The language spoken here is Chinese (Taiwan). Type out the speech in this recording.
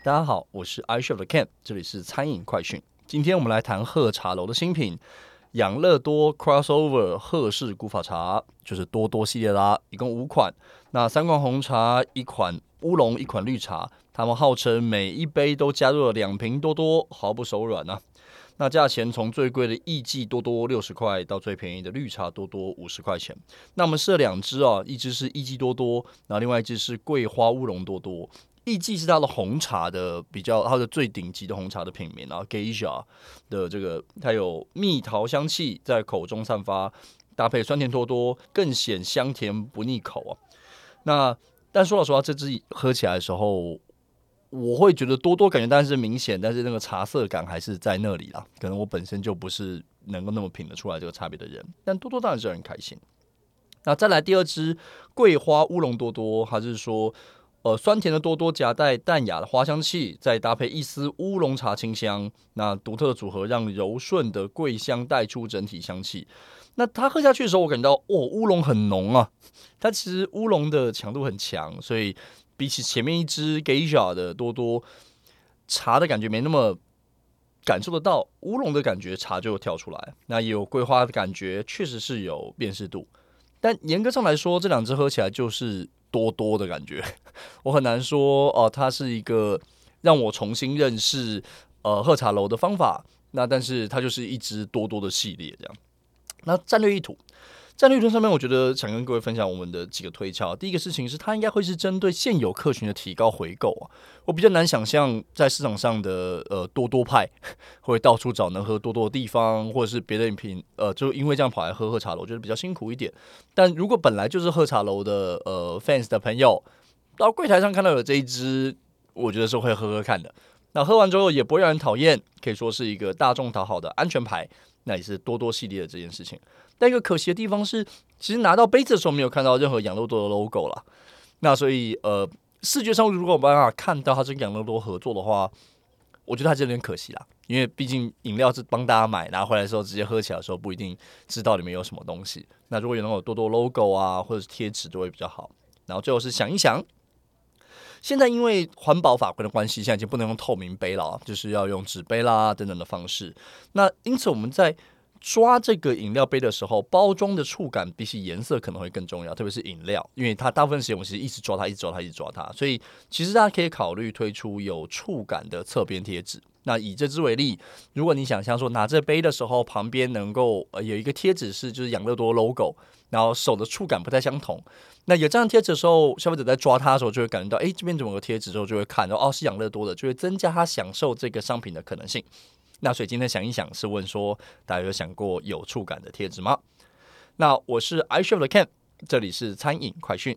大家好，我是 iCHEF 的 Ken，這裡是餐飲快訊。今天我們來談鶴茶樓的新品——養樂多 Crossover 鶴氏古法茶，就是多多系列啦，啊，一共五款。那三款紅茶，一款烏龍，一款綠茶。他們號稱每一杯都加入了兩瓶多多，毫不手軟呢，啊。那價錢從最貴的藝伎多多六十塊，到最便宜的綠茶多多五十塊錢。那我們試了兩支啊，一支是藝伎多多，那另外一支是桂花烏龍多多。一季是它的紅茶的比較，它的最頂級的紅茶的品名啊，Geisha 的這個它有蜜桃香氣在口中散發，搭配酸甜多多，更顯香甜不膩口啊。那但說老實話，這支喝起來的時候，我會覺得多多感覺當然是明顯，但是那個茶色感還是在那裡啦。可能我本身就不是能夠那麼品得出來這個差別的人，但多多當然是很開心。那再來第二支桂花烏龍多多，還是說？呃，酸甜的多多夾帶淡雅的花香氣，再搭配一絲烏龍茶清香，那獨特的組合讓柔順的桂香帶出整體香氣。那它喝下去的時候，我感到哦，烏龍很濃啊。它其實烏龍的強度很強，所以比起前面一支 g e a 的多多茶的感覺，沒那麼感受得到烏龍的感覺，茶就跳出來。那也有桂花的感覺，確實是有辨識度。但嚴格上來說，這兩支喝起來就是。多多的感覺，我很難說哦，呃，它是一個讓我重新認識呃鶴茶樓的方法。那但是它就是一支多多的系列這樣。那戰略意圖。戰略端上面，我覺得想跟各位分享我們的幾個推敲啊。第一個事情是，它應該會是針對現有客群的提高回購啊。我比較難想象在市場上的呃多多派會到處找能喝多多的地方，或者是別的飲品呃，就因為這樣跑來喝鶴茶樓，我覺得比較辛苦一點。但如果本來就是鶴茶樓的呃 fans 的朋友，到櫃台上看到有這一支，我覺得是會喝喝看的。那喝完之後也不會讓人討厭，可以說是一個大眾討好的安全牌，那也是多多系列的這件事情。但一個可惜的地方是，其實拿到杯子的時候沒有看到任何養樂多的 logo 啦。那所以呃，視覺上如果沒辦法看到它是養樂多合作的話，我覺得還是有點可惜啦。因為畢竟飲料是幫大家買，拿回來的時候直接喝起來的時候不一定知道裡面有什麼東西。那如果有那種多多 logo 啊，或者是貼紙就會比較好。然後最後是想一想。現在因為環保法規的關係，現在已經不能用透明杯了，就是要用紙杯啦等等的方式。那因此我們在抓這個飲料杯的時候，包裝的觸感比起顏色可能會更重要，特別是飲料，因為它大部分時間我們是一直抓它，一直抓它，一直抓它。所以其實大家可以考慮推出有觸感的側邊貼紙。那以這只為例，如果你想象說拿着杯的時候旁，旁邊能夠呃有一個貼紙是就是養樂多 logo，然後手的觸感不太相同，那有這樣貼紙的時候，消費者在抓它的時候就會感覺到，誒、欸，這邊怎麼有貼紙，之後就會看到，哦，是養樂多的，就會增加他享受這個商品的可能性。那所以今天想一想，是問說大家有想過有觸感的貼紙嗎？那我是 iCHEF 的 Ken，這裡是餐飲快訊。